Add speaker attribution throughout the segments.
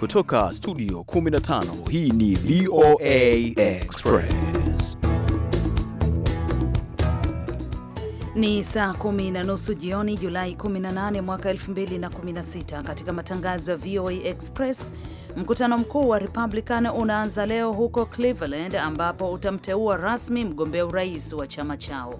Speaker 1: Kutoka studio 15
Speaker 2: hii ni VOA Express.
Speaker 3: Ni saa kumi na nusu jioni Julai 18 mwaka 2016. Katika matangazo ya VOA Express, mkutano mkuu wa Republican unaanza leo huko Cleveland, ambapo utamteua rasmi mgombea urais wa chama chao.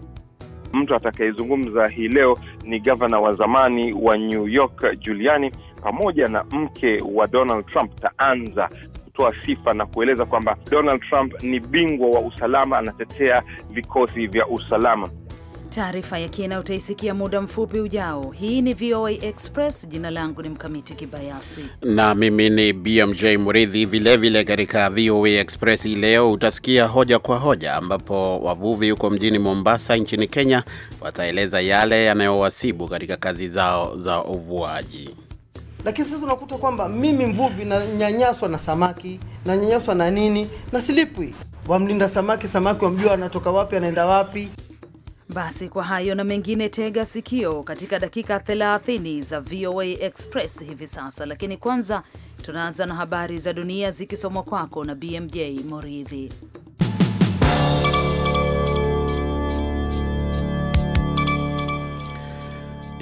Speaker 2: Mtu atakayezungumza hii leo ni gavana wa zamani wa New York Giuliani pamoja na mke wa Donald Trump taanza kutoa sifa na kueleza kwamba Donald Trump ni bingwa wa usalama, anatetea vikosi vya usalama.
Speaker 3: Taarifa ya kina utaisikia muda mfupi ujao. Hii ni VOA Express. Jina langu ni Mkamiti Kibayasi
Speaker 4: na mimi ni BMJ mridhi Vilevile katika VOA Express hii leo utasikia hoja kwa hoja, ambapo wavuvi huko mjini Mombasa nchini Kenya wataeleza yale yanayowasibu katika kazi zao za uvuaji.
Speaker 5: Lakini sasa unakuta kwamba mimi mvuvi nanyanyaswa na samaki, nanyanyaswa na nini, na silipwi. Wamlinda samaki, samaki wamjua anatoka wapi, anaenda wapi.
Speaker 3: Basi kwa hayo na mengine, tega sikio katika dakika 30 za VOA Express hivi sasa, lakini kwanza tunaanza na habari za dunia zikisomwa kwako na BMJ Moridhi.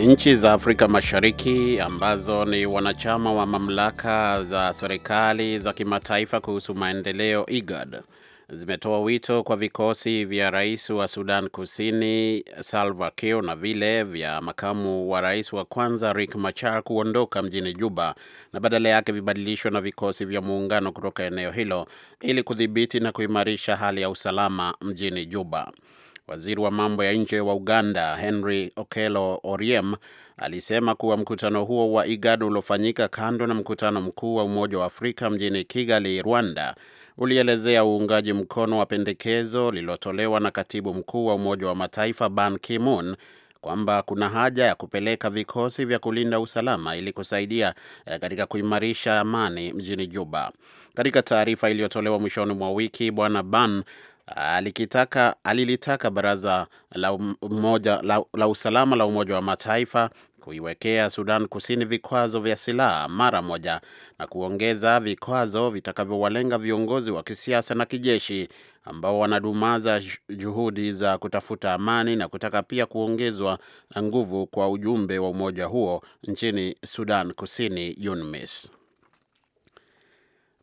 Speaker 4: Nchi za Afrika Mashariki ambazo ni wanachama wa mamlaka za serikali za kimataifa kuhusu maendeleo IGAD zimetoa wito kwa vikosi vya rais wa Sudan Kusini Salva Kiir na vile vya makamu wa rais wa kwanza Riek Machar kuondoka mjini Juba na badala yake vibadilishwe na vikosi vya muungano kutoka eneo hilo ili kudhibiti na kuimarisha hali ya usalama mjini Juba. Waziri wa mambo ya nje wa Uganda Henry Okello Oriem alisema kuwa mkutano huo wa IGAD uliofanyika kando na mkutano mkuu wa Umoja wa Afrika mjini Kigali, Rwanda, ulielezea uungaji mkono wa pendekezo lililotolewa na katibu mkuu wa Umoja wa Mataifa Ban Ki-moon kwamba kuna haja ya kupeleka vikosi vya kulinda usalama ili kusaidia eh, katika kuimarisha amani mjini Juba. Katika taarifa iliyotolewa mwishoni mwa wiki, Bwana Ban alikitaka, alilitaka baraza la, um, umoja, la, la usalama la Umoja wa Mataifa kuiwekea Sudan Kusini vikwazo vya silaha mara moja na kuongeza vikwazo vitakavyowalenga viongozi wa kisiasa na kijeshi ambao wanadumaza juhudi za kutafuta amani na kutaka pia kuongezwa nguvu kwa ujumbe wa umoja huo nchini Sudan Kusini, UNMISS.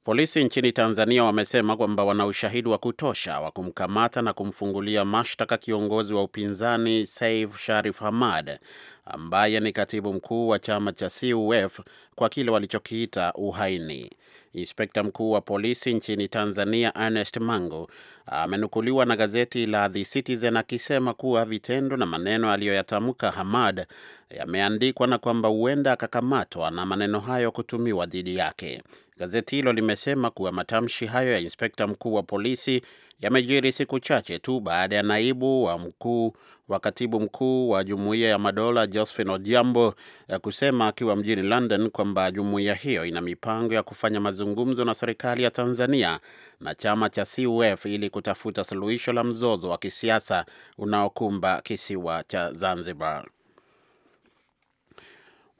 Speaker 4: Polisi nchini Tanzania wamesema kwamba wana ushahidi wa kutosha wa kumkamata na kumfungulia mashtaka kiongozi wa upinzani Saif Sharif Hamad ambaye ni katibu mkuu wa chama cha CUF kwa kile walichokiita uhaini. Inspekta mkuu wa polisi nchini Tanzania Ernest Mango amenukuliwa na gazeti la The Citizen akisema kuwa vitendo na maneno aliyoyatamka Hamad yameandikwa na kwamba huenda akakamatwa na maneno hayo kutumiwa dhidi yake. Gazeti hilo limesema kuwa matamshi hayo ya inspekta mkuu wa polisi yamejiri siku chache tu baada ya naibu wa mkuu wa katibu mkuu wa Jumuiya ya Madola Josephine Ojiambo eh, kusema akiwa mjini London kwamba jumuiya hiyo ina mipango ya kufanya mazungumzo na serikali ya Tanzania na chama cha CUF ili kutafuta suluhisho la mzozo wa kisiasa unaokumba kisiwa cha Zanzibar.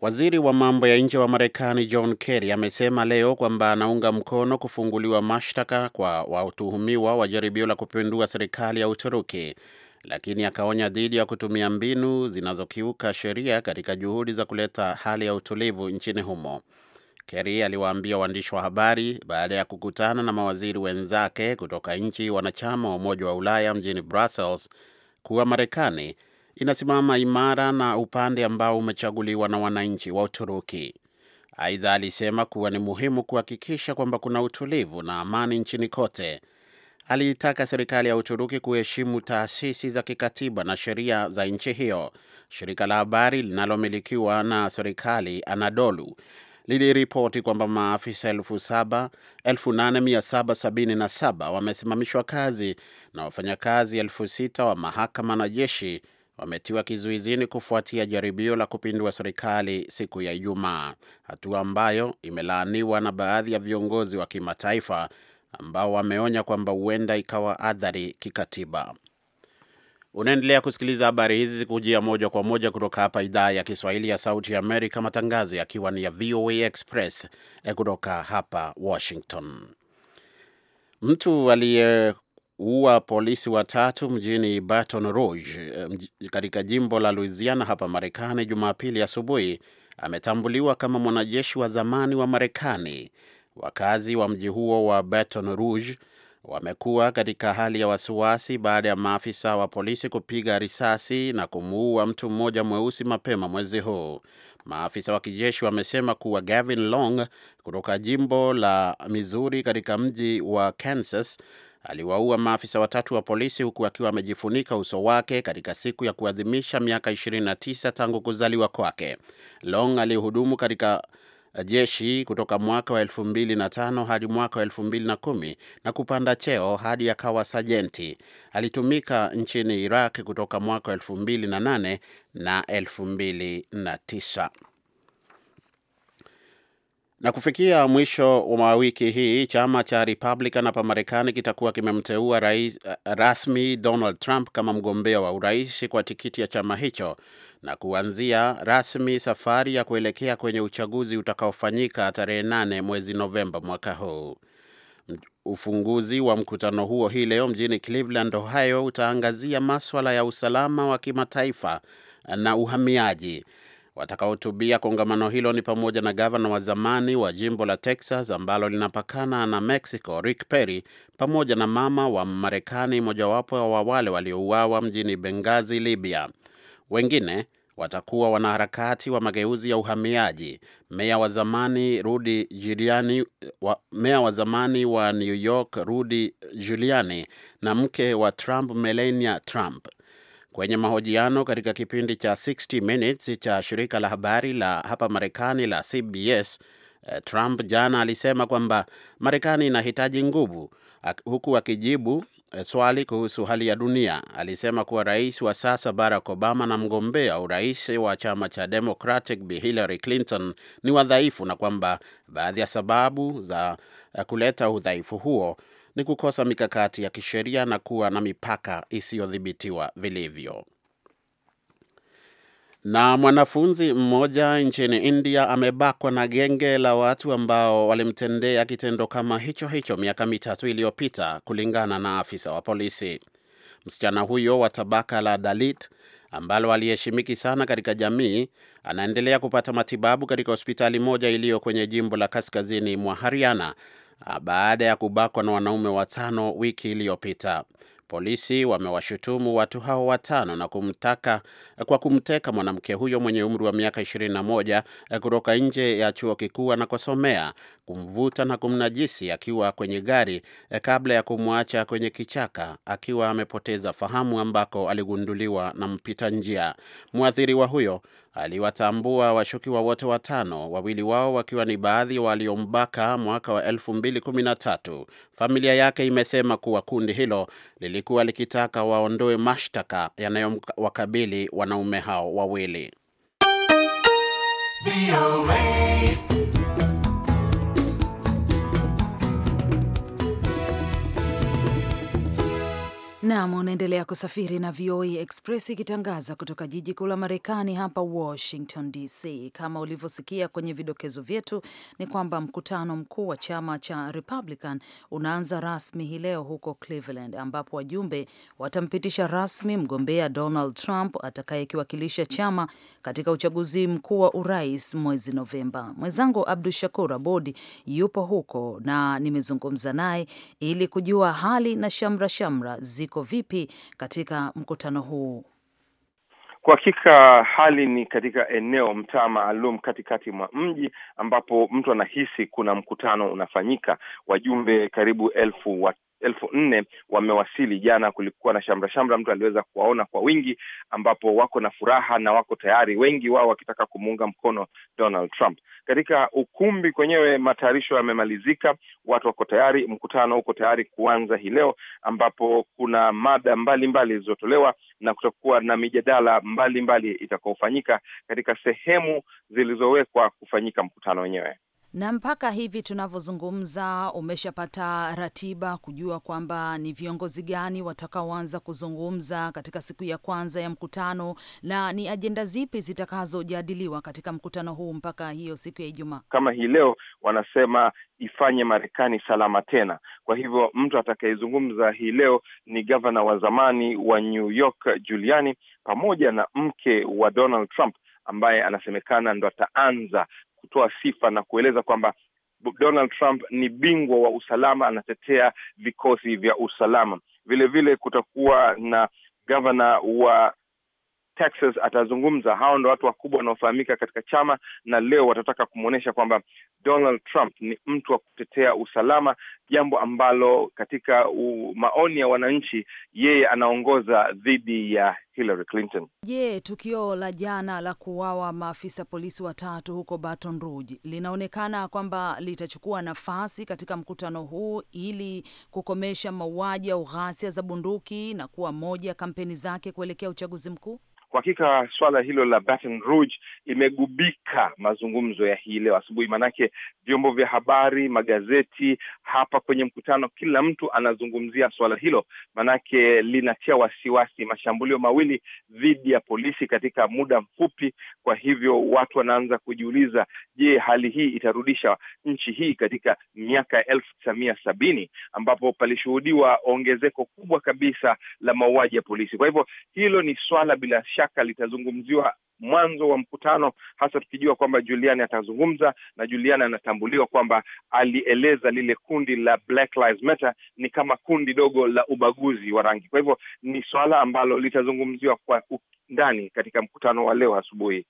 Speaker 4: Waziri wa mambo ya nje wa Marekani John Kerry amesema leo kwamba anaunga mkono kufunguliwa mashtaka kwa watuhumiwa wa jaribio la kupindua serikali ya Uturuki, lakini akaonya dhidi ya kutumia mbinu zinazokiuka sheria katika juhudi za kuleta hali ya utulivu nchini humo. Kerry aliwaambia waandishi wa habari baada ya kukutana na mawaziri wenzake kutoka nchi wanachama wa Umoja wa Ulaya mjini Brussels kuwa Marekani inasimama imara na upande ambao umechaguliwa na wananchi wa Uturuki. Aidha, alisema kuwa ni muhimu kuhakikisha kwamba kuna utulivu na amani nchini kote. Aliitaka serikali ya Uturuki kuheshimu taasisi za kikatiba na sheria za nchi hiyo. Shirika la habari linalomilikiwa na serikali Anadolu liliripoti kwamba maafisa 8777 wamesimamishwa kazi na wafanyakazi 6000 wa mahakama na jeshi wametiwa kizuizini kufuatia jaribio la kupindua serikali siku ya Ijumaa, hatua ambayo imelaaniwa na baadhi ya viongozi wa kimataifa ambao wameonya kwamba huenda ikawa athari kikatiba. Unaendelea kusikiliza habari hizi zikujia moja kwa moja kutoka hapa idhaa ya Kiswahili ya Sauti ya Amerika, matangazo yakiwa ni ya VOA Express eh, kutoka hapa Washington. Mtu aliye kuua polisi watatu mjini Baton Rouge eh, katika jimbo la Louisiana hapa Marekani Jumapili asubuhi ametambuliwa kama mwanajeshi wa zamani wa Marekani. Wakazi wa mji huo wa Baton Rouge wamekuwa katika hali ya wasiwasi baada ya maafisa wa polisi kupiga risasi na kumuua mtu mmoja mweusi mapema mwezi huu. Maafisa wa kijeshi wamesema kuwa Gavin Long kutoka jimbo la Missouri katika mji wa Kansas aliwaua maafisa watatu wa polisi huku akiwa amejifunika uso wake katika siku ya kuadhimisha miaka 29 tangu kuzaliwa kwake. Long alihudumu katika jeshi kutoka mwaka wa 2005 hadi mwaka wa 2010 na kupanda cheo hadi akawa sajenti. Alitumika nchini Iraq kutoka mwaka wa 2008 na 2009. Na kufikia mwisho wa wiki hii chama cha Republican hapa Marekani kitakuwa kimemteua rais eh, rasmi Donald Trump kama mgombea wa urais kwa tikiti ya chama hicho na kuanzia rasmi safari ya kuelekea kwenye uchaguzi utakaofanyika tarehe nane mwezi Novemba mwaka huu. Ufunguzi wa mkutano huo hii leo mjini Cleveland, Ohio, utaangazia maswala ya usalama wa kimataifa na uhamiaji Watakaohutubia kongamano hilo ni pamoja na gavana wa zamani wa jimbo la Texas ambalo linapakana na Mexico, Rick Perry, pamoja na mama wa Marekani, mojawapo wa wale waliouawa mjini Benghazi, Libya. Wengine watakuwa wanaharakati wa mageuzi ya uhamiaji, meya wa zamani Rudy Giuliani, wa, meya wa zamani wa New York Rudy Giuliani na mke wa Trump Melania Trump. Kwenye mahojiano katika kipindi cha 60 Minutes cha shirika la habari la hapa Marekani la CBS, eh, Trump jana alisema kwamba Marekani inahitaji nguvu, huku akijibu eh, swali kuhusu hali ya dunia. Alisema kuwa rais wa sasa Barack Obama na mgombea urais wa chama cha Democratic Bi Hillary Clinton ni wadhaifu na kwamba baadhi ya sababu za eh, kuleta udhaifu huo ni kukosa mikakati ya kisheria na kuwa na mipaka isiyodhibitiwa vilivyo. Na mwanafunzi mmoja nchini India amebakwa na genge la watu ambao walimtendea kitendo kama hicho hicho miaka mitatu iliyopita, kulingana na afisa wa polisi. Msichana huyo wa tabaka la Dalit ambalo aliheshimiki sana katika jamii anaendelea kupata matibabu katika hospitali moja iliyo kwenye jimbo la kaskazini mwa Haryana baada ya kubakwa na wanaume watano wiki iliyopita. Polisi wamewashutumu watu hao watano na kumtaka kwa kumteka mwanamke huyo mwenye umri wa miaka 21 eh, kutoka nje ya chuo kikuu anakosomea, kumvuta na kumnajisi akiwa kwenye gari eh, kabla ya kumwacha kwenye kichaka akiwa amepoteza fahamu ambako aligunduliwa na mpita njia. Mwathiriwa huyo aliwatambua washukiwa wote watano, wawili wao wakiwa ni baadhi waliombaka mwaka wa 2013. Familia yake imesema kuwa kundi hilo lilikuwa likitaka waondoe mashtaka yanayowakabili wanaume hao wawili.
Speaker 3: Nam, unaendelea kusafiri na VOA e Express ikitangaza kutoka jiji kuu la Marekani hapa Washington DC. Kama ulivyosikia kwenye vidokezo vyetu, ni kwamba mkutano mkuu wa chama cha Republican unaanza rasmi hii leo huko Cleveland, ambapo wajumbe watampitisha rasmi mgombea Donald Trump atakayekiwakilisha chama katika uchaguzi mkuu wa urais mwezi Novemba. Mwenzangu Abdu Shakur Abod yupo huko na nimezungumza naye ili kujua hali na shamra shamra ziko iko vipi katika mkutano huu?
Speaker 2: Kwa hakika hali ni katika eneo mtaa maalum katikati mwa mji ambapo mtu anahisi kuna mkutano unafanyika. Wajumbe karibu elfu elfu nne wamewasili jana. Kulikuwa na shamra shamra, mtu aliweza kuwaona kwa wingi, ambapo wako na furaha na wako tayari, wengi wao wakitaka kumuunga mkono Donald Trump. Katika ukumbi kwenyewe matayarisho yamemalizika, watu wako tayari, mkutano uko tayari kuanza hii leo, ambapo kuna mada mbalimbali zilizotolewa na kutakuwa na mijadala mbalimbali itakaofanyika katika sehemu zilizowekwa kufanyika mkutano wenyewe
Speaker 3: na mpaka hivi tunavyozungumza umeshapata ratiba kujua kwamba ni viongozi gani watakaoanza kuzungumza katika siku ya kwanza ya mkutano na ni ajenda zipi zitakazojadiliwa katika mkutano huu mpaka hiyo siku ya Ijumaa.
Speaker 2: Kama hii leo wanasema ifanye Marekani salama tena. Kwa hivyo mtu atakayezungumza hii leo ni gavana wa zamani wa New York Giuliani pamoja na mke wa Donald Trump ambaye anasemekana ndo ataanza kutoa sifa na kueleza kwamba Donald Trump ni bingwa wa usalama, anatetea vikosi vya usalama. Vile vile kutakuwa na gavana wa Texas atazungumza. Hao ndo watu wakubwa wanaofahamika katika chama, na leo watataka kumwonyesha kwamba Donald Trump ni mtu wa kutetea usalama, jambo ambalo katika maoni ya wananchi yeye anaongoza dhidi ya Hillary Clinton.
Speaker 3: Je, tukio la jana la kuuawa maafisa polisi watatu huko Baton Rouge linaonekana kwamba litachukua nafasi katika mkutano huu ili kukomesha mauaji au ghasia za bunduki na kuwa moja kampeni zake kuelekea
Speaker 2: uchaguzi mkuu? Kwa hakika swala hilo la Baton Rouge imegubika mazungumzo ya hii leo asubuhi, maanake vyombo vya habari, magazeti, hapa kwenye mkutano, kila mtu anazungumzia swala hilo, maanake linatia wasiwasi. Mashambulio mawili wawili dhidi ya polisi katika muda mfupi. Kwa hivyo watu wanaanza kujiuliza, je, hali hii itarudisha nchi hii katika miaka ya elfu tisa mia sabini ambapo palishuhudiwa ongezeko kubwa kabisa la mauaji ya polisi. Kwa hivyo hilo ni swala bila shaka litazungumziwa mwanzo wa mkutano, hasa tukijua kwamba juliani atazungumza na juliani anatambuliwa kwamba alieleza lile kundi la Black Lives Matter ni kama kundi dogo la ubaguzi wa rangi. Kwa hivyo ni swala ambalo litazungumziwa kwa undani katika mkutano wa leo asubuhi.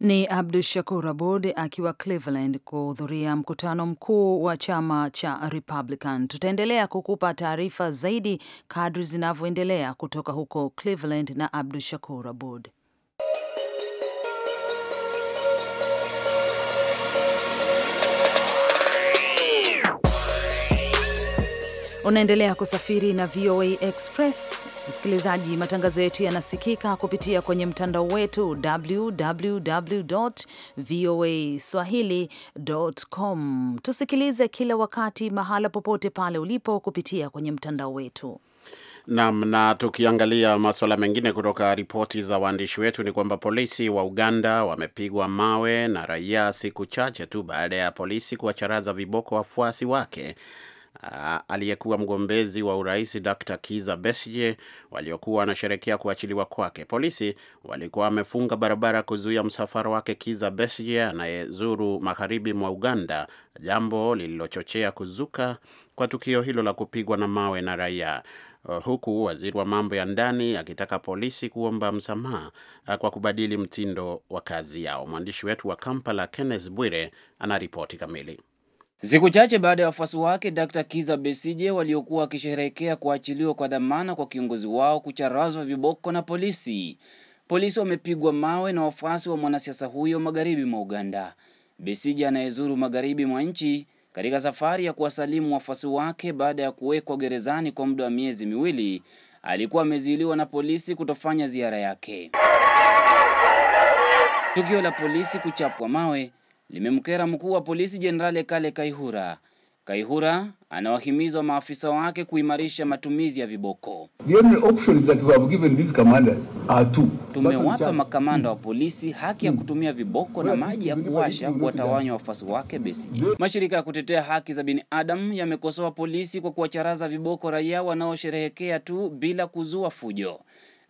Speaker 3: Ni Abdu Shakur Abud akiwa Cleveland kuhudhuria mkutano mkuu wa chama cha Republican. Tutaendelea kukupa taarifa zaidi kadri zinavyoendelea kutoka huko Cleveland na Abdu Shakur Abud. Unaendelea kusafiri na VOA Express, msikilizaji. Matangazo yetu yanasikika kupitia kwenye mtandao wetu www voa swahili.com. Tusikilize kila wakati, mahala popote pale ulipo, kupitia kwenye mtandao wetu.
Speaker 4: Naam, na tukiangalia masuala mengine kutoka ripoti za waandishi wetu ni kwamba polisi wa Uganda wamepigwa mawe na raia siku chache tu baada ya polisi kuwacharaza viboko wafuasi wake Ah, aliyekuwa mgombezi wa urais Dr. Kiza besje waliokuwa wanasherekea kuachiliwa kwake. Polisi walikuwa wamefunga barabara kuzuia msafara wake Kiza Besije anayezuru magharibi mwa Uganda, jambo lililochochea kuzuka kwa tukio hilo la kupigwa na mawe na raia, huku waziri wa mambo ya ndani akitaka polisi kuomba msamaha ah, kwa kubadili mtindo wa kazi yao. Mwandishi wetu wa Kampala Kenneth Bwire anaripoti kamili.
Speaker 1: Siku chache baada ya wafuasi wake Dr. Kiza Besije waliokuwa wakisherehekea kuachiliwa kwa dhamana kwa kiongozi wao kucharazwa viboko na polisi. Polisi wamepigwa mawe na wafuasi wa mwanasiasa huyo magharibi mwa Uganda. Besije anayezuru magharibi mwa nchi katika safari ya kuwasalimu wafuasi wake baada ya kuwekwa gerezani kwa muda wa miezi miwili, alikuwa amezuiliwa na polisi kutofanya ziara yake. Tukio la polisi kuchapwa mawe limemkera mkuu wa polisi Jenerali Kale Kaihura. Kaihura anawahimiza maafisa wake kuimarisha matumizi ya viboko. Tumewapa makamanda wa polisi haki ya hmm. kutumia viboko na maji ya kuwasha kuwatawanya wafuasi wake Besigye. Mashirika ya kutetea haki za binadamu yamekosoa polisi kwa kuwacharaza viboko raia wanaosherehekea tu bila kuzua fujo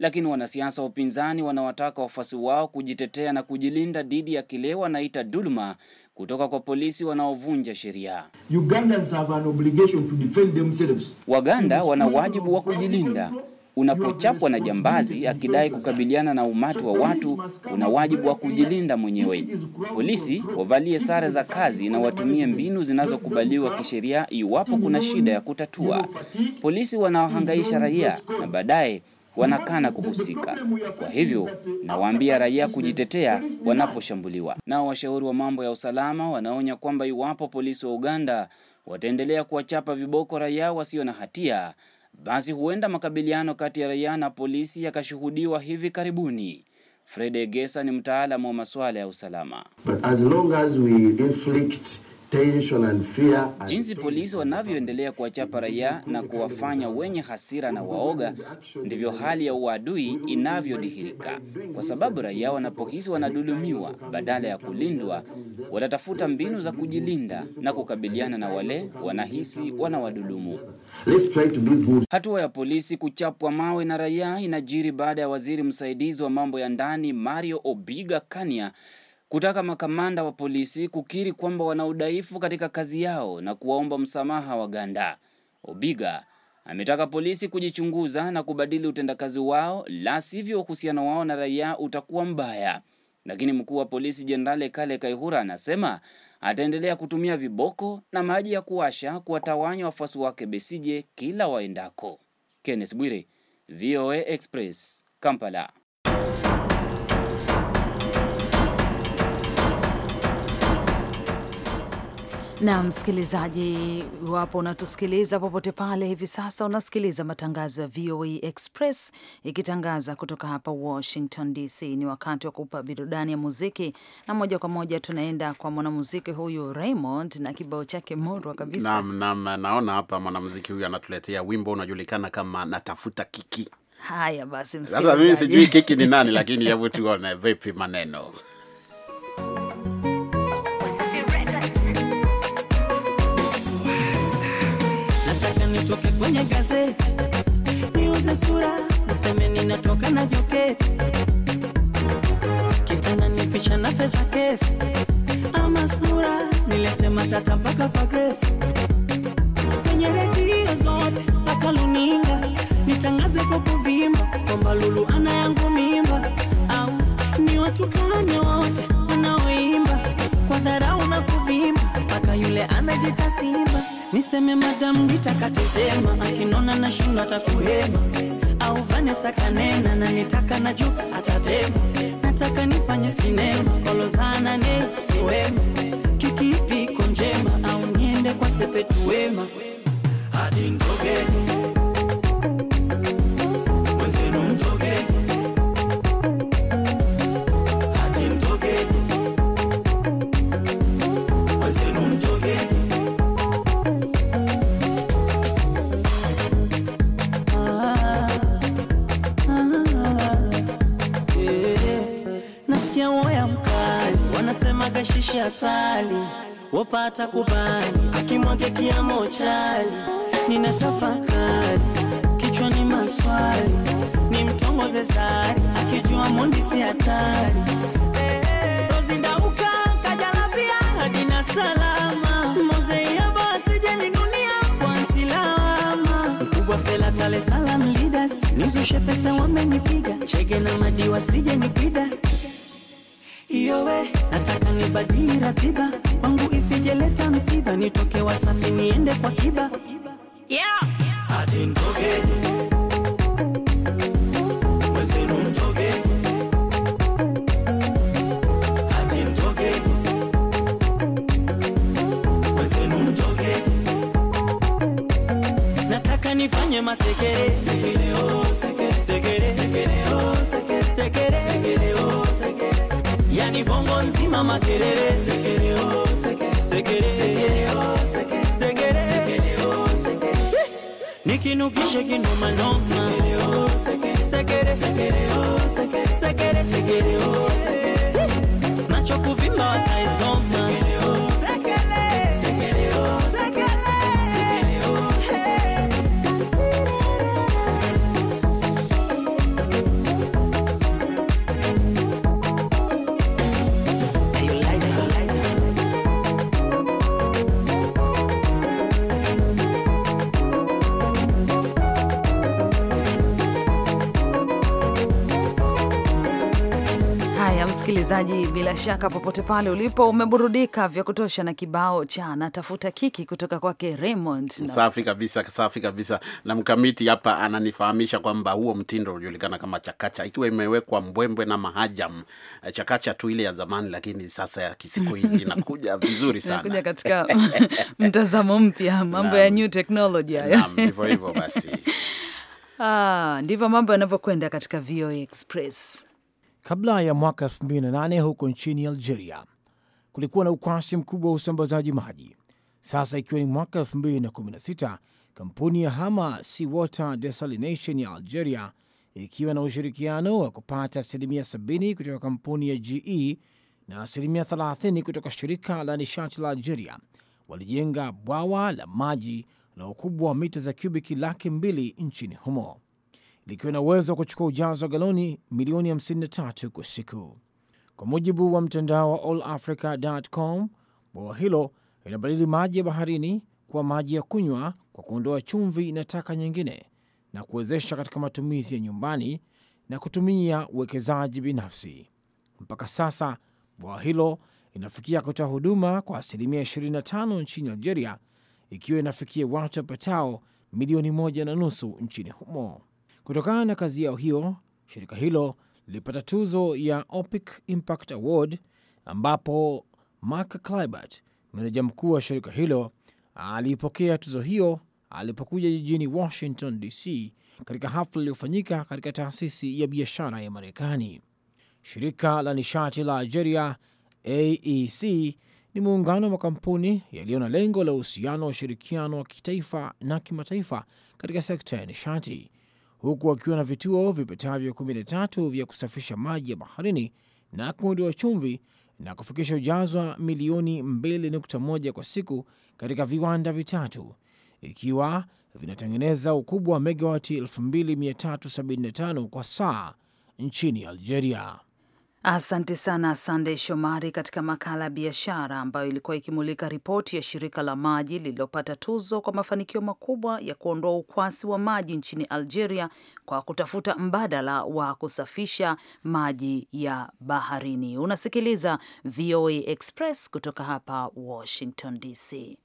Speaker 1: lakini wanasiasa wa upinzani wanawataka wafuasi wao kujitetea na kujilinda dhidi ya kile wanaita dhuluma kutoka kwa polisi wanaovunja sheria. Waganda wana wajibu wa kujilinda. Unapochapwa na jambazi akidai kukabiliana na umati wa watu, una wajibu wa kujilinda mwenyewe. Polisi wavalie sare za kazi na watumie mbinu zinazokubaliwa kisheria iwapo kuna shida ya kutatua. Polisi wanaohangaisha raia na baadaye wanakana kuhusika. Kwa hivyo nawaambia raia kujitetea wanaposhambuliwa. Nao washauri wa mambo ya usalama wanaonya kwamba iwapo polisi wa Uganda wataendelea kuwachapa viboko raia wasio na hatia, basi huenda makabiliano kati ya raia na polisi yakashuhudiwa hivi karibuni. Fred Egesa ni mtaalamu wa masuala ya usalama.
Speaker 5: But as long as we inflict tension and fear.
Speaker 1: Jinsi polisi wanavyoendelea kuwachapa raia na kuwafanya wenye hasira na waoga, ndivyo hali ya uadui inavyodhihirika, kwa sababu raia wanapohisi wanadhulumiwa badala ya kulindwa, watatafuta mbinu za kujilinda na kukabiliana na wale wanahisi wanawadhulumu. Hatua ya polisi kuchapwa mawe na raia inajiri baada ya waziri msaidizi wa mambo ya ndani Mario Obiga Kania kutaka makamanda wa polisi kukiri kwamba wana udhaifu katika kazi yao na kuwaomba msamaha Waganda. Obiga ametaka polisi kujichunguza na kubadili utendakazi wao, la sivyo uhusiano wao na raia utakuwa mbaya. Lakini mkuu wa polisi Jenerali Kale Kaihura anasema ataendelea kutumia viboko na maji ya kuwasha kuwatawanya wafuasi wake Besije kila waendako. Kenneth Bwire, VOA Express, Kampala.
Speaker 3: na msikilizaji, iwapo unatusikiliza popote pale hivi sasa, unasikiliza matangazo ya VOA Express ikitangaza kutoka hapa Washington DC. Ni wakati wa kupa burudani ya muziki, na moja kwa moja tunaenda kwa mwanamuziki huyu Raymond na kibao chake morwa kabisa.
Speaker 4: Naam, naam, naona hapa mwanamuziki huyu anatuletea wimbo unajulikana kama natafuta kiki.
Speaker 3: Haya basi, msikilizaji, sasa mimi sijui kiki ni nani, lakini
Speaker 4: hebu tuone vipi maneno
Speaker 6: nitoke kwenye gazeti, niuze sura, niseme ninatoka na joketi, kitana nipisha na feza kesi, ama sura nilete matata mpaka kwa Grace, kwenye redio zote mpaka luninga, nitangaze kwa kuvimba kwamba Lulu ana yangu mimba, au ni watukane wote wanaoimba kwa dharau na kuvimba mpaka yule anajita simba Niseme madamu nitakatetema, akinona na shindwa atakuhema, au Vanessa kanena na nitaka na jokes atatema, nataka nifanye sinema kolozana ne siwema, kikipiko njema, au niende kwa sepetu wema Adingo asali wapata kubali, akimwage kiamo chali, nina tafakari ni maswali, ni mtongoze sari, akijua mundi si hatari, rozindauka kajalabia hadi na salama mozei Fela Tale Salam leaders nizo shepesa wamenipiga chege na madiwa sije nipida iyo nataka nibadili ratiba wangu isijeleta msiba nitoke Wasafi niende kwa Kiba nataka nifanye masekere sekere, oh, sekere, sekere, oh, sekere, sekere, sekere, oh, sekere. yani bongo nzima makelele nikinukishe kinoma ndonsa sekere
Speaker 3: Msikilizaji, bila shaka popote pale ulipo umeburudika vya kutosha na kibao cha natafuta kiki kutoka kwake Raymond. No. Safi
Speaker 4: kabisa, safi kabisa. Na mkamiti hapa ananifahamisha kwamba huo mtindo unajulikana kama chakacha, ikiwa imewekwa mbwembwe na mahajam. Chakacha tu ile ya zamani, lakini sasa ya kisiku hizi inakuja vizuri sana, inakuja
Speaker 3: katika mtazamo mpya, mambo ya new technology hayo.
Speaker 4: hivyo hivyo basi.
Speaker 3: Ah, ndivyo mambo yanavyokwenda katika VOA
Speaker 7: Express. Kabla ya mwaka 2008 huko nchini Algeria kulikuwa na ukwasi mkubwa wa usambazaji maji. Sasa ikiwa ni mwaka 2016, kampuni ya Hama Sea Water Desalination ya Algeria ikiwa na ushirikiano wa kupata asilimia 70 kutoka kampuni ya GE na asilimia 30 kutoka shirika la nishati la Algeria walijenga bwawa la maji la ukubwa wa mita za kubiki laki mbili nchini humo likiwa na uwezo wa kuchukua ujazo wa galoni milioni 53 kwa siku. Kwa mujibu wa mtandao wa allafrica.com, bwawa hilo linabadili maji ya baharini kuwa maji ya kunywa kwa kuondoa chumvi na taka nyingine na kuwezesha katika matumizi ya nyumbani na kutumia uwekezaji binafsi. Mpaka sasa bwawa hilo inafikia kutoa huduma kwa asilimia 25 nchini Algeria, ikiwa inafikia watu wapatao milioni moja na nusu nchini humo. Kutokana na kazi yao hiyo, shirika hilo lilipata tuzo ya OPIC Impact Award, ambapo Mark Clybert, meneja mkuu wa shirika hilo, aliipokea tuzo hiyo alipokuja jijini Washington DC katika hafla iliyofanyika katika taasisi ya biashara ya Marekani. Shirika la nishati la Algeria AEC ni muungano wa makampuni yaliyo na lengo la uhusiano wa ushirikiano wa kitaifa na kimataifa katika sekta ya nishati huku wakiwa na vituo vipatavyo 13 vya kusafisha maji ya baharini na kuondoa chumvi na kufikisha ujazo wa milioni 2.1 kwa siku katika viwanda vitatu, ikiwa vinatengeneza ukubwa wa megawati 2375 kwa saa nchini
Speaker 3: Algeria. Asante sana Sandey Shomari katika makala ya biashara ambayo ilikuwa ikimulika ripoti ya shirika la maji lililopata tuzo kwa mafanikio makubwa ya kuondoa ukwasi wa maji nchini Algeria kwa kutafuta mbadala wa kusafisha maji ya baharini. Unasikiliza VOA Express kutoka hapa Washington DC.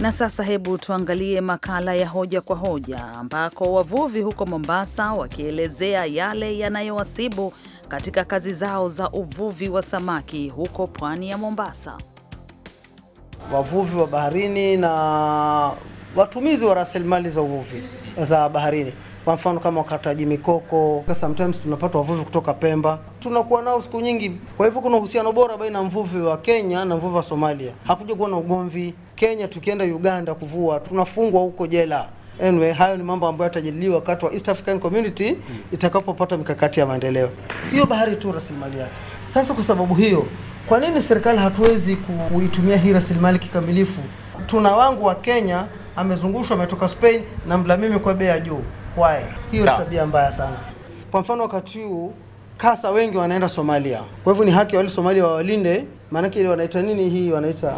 Speaker 3: Na sasa hebu tuangalie makala ya hoja kwa hoja, ambako wavuvi huko Mombasa wakielezea yale yanayowasibu katika kazi zao za uvuvi wa samaki huko pwani ya Mombasa.
Speaker 5: Wavuvi wa baharini na watumizi wa rasilimali za uvuvi za baharini kwa mfano kama wakataji mikoko, sometimes tunapata wavuvi kutoka Pemba, tunakuwa nao siku nyingi. Kwa hivyo kuna uhusiano bora baina ya mvuvi wa Kenya na mvuvi wa Somalia, hakuja kuwa na ugomvi. Kenya tukienda Uganda kuvua tunafungwa huko jela. Anyway, hayo ni mambo ambayo yatajadiliwa wakati wa East African Community hmm. itakapopata mikakati ya maendeleo. Hiyo bahari tu rasilimali yake. Sasa kwa sababu hiyo, kwa nini serikali hatuwezi kuitumia hii rasilimali kikamilifu? Tuna wangu wa Kenya amezungushwa ametoka Spain na mla mimi kwa bei ya juu kwae. Hiyo ni tabia mbaya sana. Kwa mfano wakati huu kasa wengi wanaenda Somalia, kwa hivyo ni haki wale Somalia wawalinde, maanake ile wanaita nini hii wanaita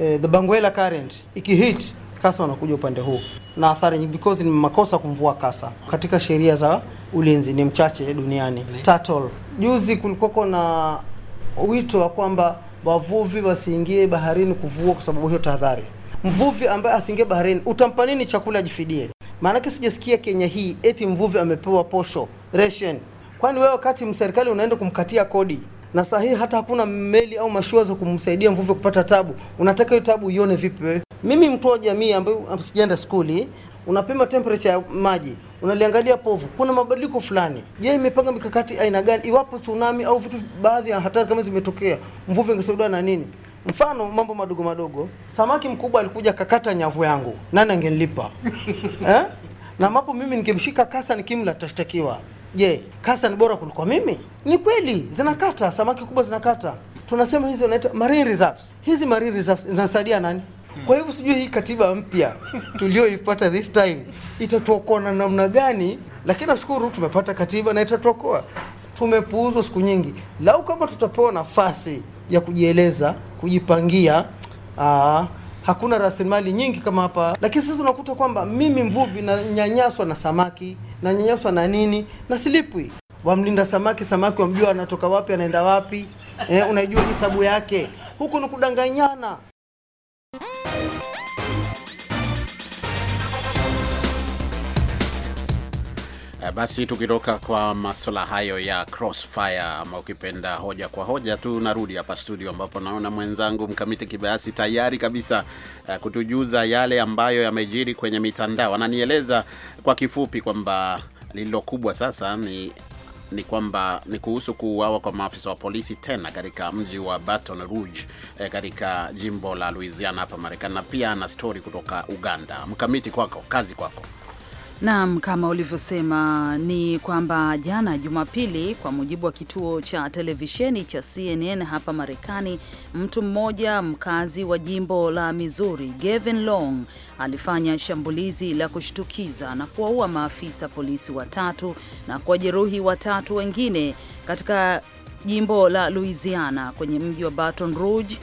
Speaker 5: eh, the Benguela current ikihit kasa wanakuja upande huu na athari nyingi, because ni makosa kumvua kasa katika sheria za ulinzi, ni mchache duniani. Turtle, juzi kulikuwa na wito wa kwamba wavuvi wasiingie baharini kuvua kwa sababu hiyo tahadhari. Mvuvi ambaye asiingie baharini, utampa nini chakula ajifidie? Maanake sijasikia Kenya hii eti mvuvi amepewa posho ration. Kwani wewe wakati serikali unaenda kumkatia kodi na sahihi hata hakuna meli au mashua za kumsaidia mvuvi kupata tabu, unataka hiyo tabu ione vipi wewe? Mimi mtu wa jamii ambaye uh, sijaenda skuli, unapima temperature ya maji, unaliangalia povu, kuna mabadiliko fulani. Je, imepanga mikakati aina gani iwapo tsunami au vitu baadhi ya hatari kama zimetokea, mvuvi angesaidiwa na nini? Mfano mambo madogo madogo, samaki mkubwa alikuja kakata nyavu yangu, nani angenilipa eh? na mapo mimi nikimshika kasa nikimla tashtakiwa. Je, kasa ni bora kuliko mimi? Ni kweli, zinakata samaki kubwa zinakata. Tunasema hizi wanaita marine reserves. Hizi marine reserves zinasaidia nani? Hmm. Kwa hivyo sijui hii katiba mpya tulioipata this time itatuokoa na namna gani, lakini nashukuru tumepata katiba na itatuokoa. Tumepuuzwa siku nyingi, lau kama tutapewa nafasi ya kujieleza, kujipangia. Aa, hakuna rasilimali nyingi kama hapa, lakini sasa unakuta kwamba mimi mvuvi nanyanyaswa na samaki, nanyanyaswa na nini, na silipwi. Wamlinda samaki, samaki wamjua anatoka wapi, anaenda wapi, eh, unaijua hisabu yake. Huku ni kudanganyana.
Speaker 4: Basi tukitoka kwa masuala hayo ya crossfire ama ukipenda hoja kwa hoja, tunarudi hapa studio, ambapo naona mwenzangu Mkamiti Kibayasi tayari kabisa eh, kutujuza yale ambayo yamejiri kwenye mitandao. Ananieleza kwa kifupi kwamba lililo kubwa sasa ni ni kwamba ni kuhusu kuuawa kwa maafisa wa polisi tena katika mji wa Baton Rouge eh, katika jimbo la Louisiana hapa Marekani, na pia ana stori kutoka Uganda. Mkamiti, kwako, kazi kwako.
Speaker 3: Naam, kama ulivyosema ni kwamba jana Jumapili, kwa mujibu wa kituo cha televisheni cha CNN hapa Marekani, mtu mmoja mkazi wa jimbo la Missouri, Gavin Long, alifanya shambulizi la kushtukiza na kuwaua maafisa polisi watatu na kuwajeruhi watatu wengine katika jimbo la Louisiana kwenye mji wa Baton Rouge.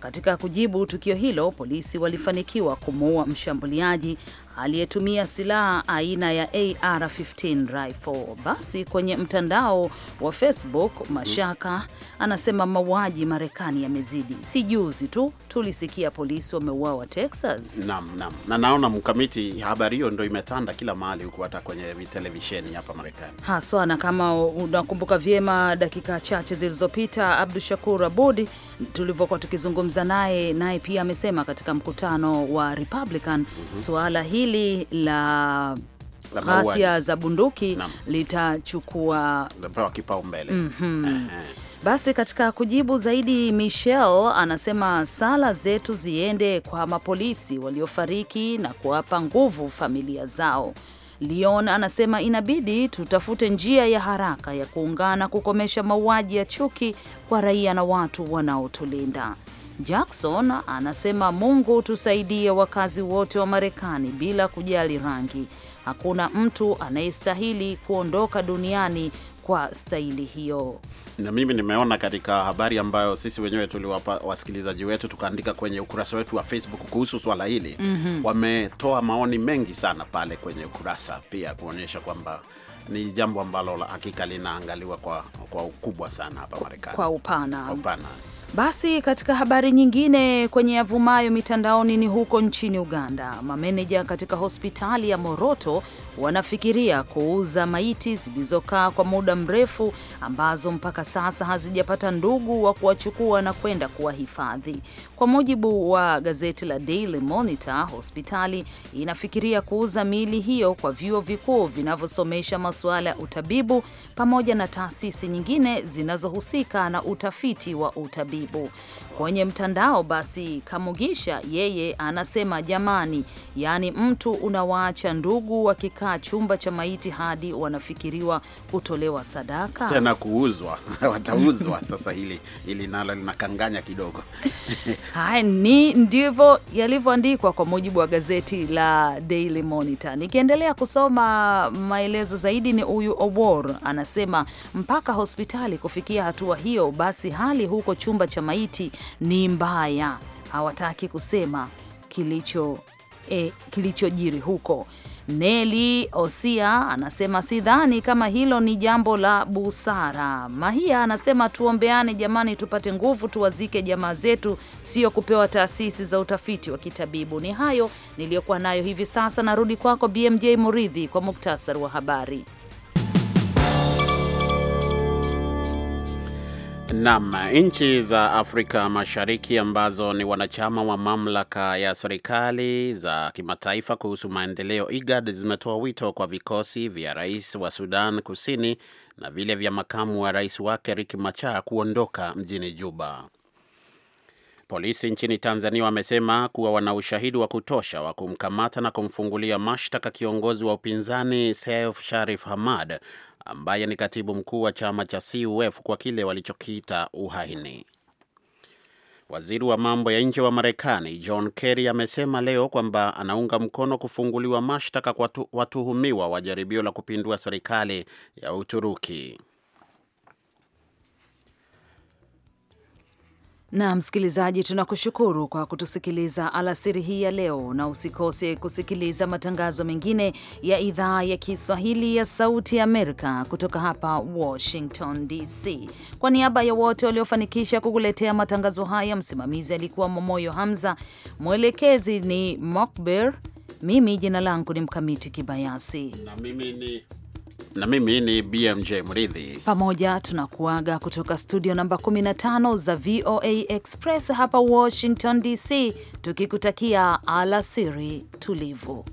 Speaker 3: Katika kujibu tukio hilo, polisi walifanikiwa kumuua mshambuliaji aliyetumia silaha aina ya AR-15 rifle. Basi kwenye mtandao wa Facebook, Mashaka anasema mauaji Marekani yamezidi. Si juzi tu tulisikia polisi wameuawa Texas. Naam, naam.
Speaker 4: Na naona mkamiti, habari hiyo ndio imetanda kila mahali huko, hata kwenye televisheni hapa Marekani
Speaker 3: haswa. Na kama unakumbuka vyema, dakika chache zilizopita, Abdu Shakur Abud tulivyokuwa tukizungumza naye, naye pia amesema katika mkutano wa Republican, mm -hmm. suala hii hili la ghasia za bunduki litachukua
Speaker 4: kipaumbele. mm -hmm.
Speaker 3: Basi katika kujibu zaidi, Michelle anasema sala zetu ziende kwa mapolisi waliofariki na kuwapa nguvu familia zao. Leon anasema inabidi tutafute njia ya haraka ya kuungana kukomesha mauaji ya chuki kwa raia na watu wanaotulinda. Jackson anasema Mungu tusaidie wakazi wote wa Marekani bila kujali rangi. Hakuna mtu anayestahili kuondoka duniani kwa staili hiyo.
Speaker 4: Na mimi nimeona katika habari ambayo sisi wenyewe tuliwapa wasikilizaji wetu tukaandika kwenye ukurasa wetu wa Facebook kuhusu swala hili mm -hmm. Wametoa maoni mengi sana pale kwenye ukurasa pia kuonyesha kwamba ni jambo ambalo hakika linaangaliwa kwa, kwa ukubwa sana hapa Marekani kwa upana, upana.
Speaker 3: Basi katika habari nyingine kwenye yavumayo mitandaoni ni huko nchini Uganda, mameneja katika hospitali ya Moroto wanafikiria kuuza maiti zilizokaa kwa muda mrefu ambazo mpaka sasa hazijapata ndugu wa kuwachukua na kwenda kuwahifadhi. Kwa mujibu wa gazeti la Daily Monitor, hospitali inafikiria kuuza miili hiyo kwa vyuo vikuu vinavyosomesha masuala ya utabibu pamoja na taasisi nyingine zinazohusika na utafiti wa utabibu. Kwenye mtandao basi, Kamugisha yeye anasema jamani, yaani mtu unawaacha ndugu wa kika wamekaa chumba cha maiti hadi wanafikiriwa kutolewa sadaka tena
Speaker 4: kuuzwa watauzwa. Sasa hili hili nalo linakanganya kidogo. Haya, ni ndivyo yalivyoandikwa kwa mujibu wa gazeti
Speaker 3: la Daily Monitor. Nikiendelea kusoma maelezo zaidi, ni huyu Obor anasema mpaka hospitali kufikia hatua hiyo, basi hali huko chumba cha maiti ni mbaya. Hawataki kusema kilicho E, kilichojiri huko Neli Osia anasema sidhani kama hilo ni jambo la busara. Mahia anasema tuombeane jamani, tupate nguvu, tuwazike jamaa zetu, sio kupewa taasisi za utafiti wa kitabibu. Ni hayo niliyokuwa nayo hivi sasa. Narudi kwako BMJ Muridhi kwa muktasari wa habari.
Speaker 4: Naam, nchi za Afrika Mashariki ambazo ni wanachama wa mamlaka ya serikali za kimataifa kuhusu maendeleo IGAD zimetoa wito kwa vikosi vya rais wa Sudan Kusini na vile vya makamu wa rais wake Riek Machar kuondoka mjini Juba. Polisi nchini Tanzania wamesema kuwa wana ushahidi wa kutosha wa kumkamata na kumfungulia mashtaka kiongozi wa upinzani Seif Sharif Hamad ambaye ni katibu mkuu wa chama cha CUF kwa kile walichokiita uhaini. Waziri wa mambo ya nje wa Marekani John Kerry amesema leo kwamba anaunga mkono kufunguliwa mashtaka kwa watuhumiwa wa jaribio la kupindua serikali ya Uturuki.
Speaker 3: Na msikilizaji, tunakushukuru kwa kutusikiliza alasiri hii ya leo, na usikose kusikiliza matangazo mengine ya idhaa ya Kiswahili ya Sauti Amerika kutoka hapa Washington DC. Kwa niaba ya wote waliofanikisha kukuletea matangazo haya, msimamizi alikuwa Momoyo Hamza, mwelekezi ni Mokber, mimi jina langu ni Mkamiti Kibayasi na mimi ni
Speaker 4: na mimi ni BMJ Mridhi.
Speaker 3: Pamoja tunakuaga kutoka studio namba 15 za VOA Express hapa Washington DC, tukikutakia alasiri tulivu.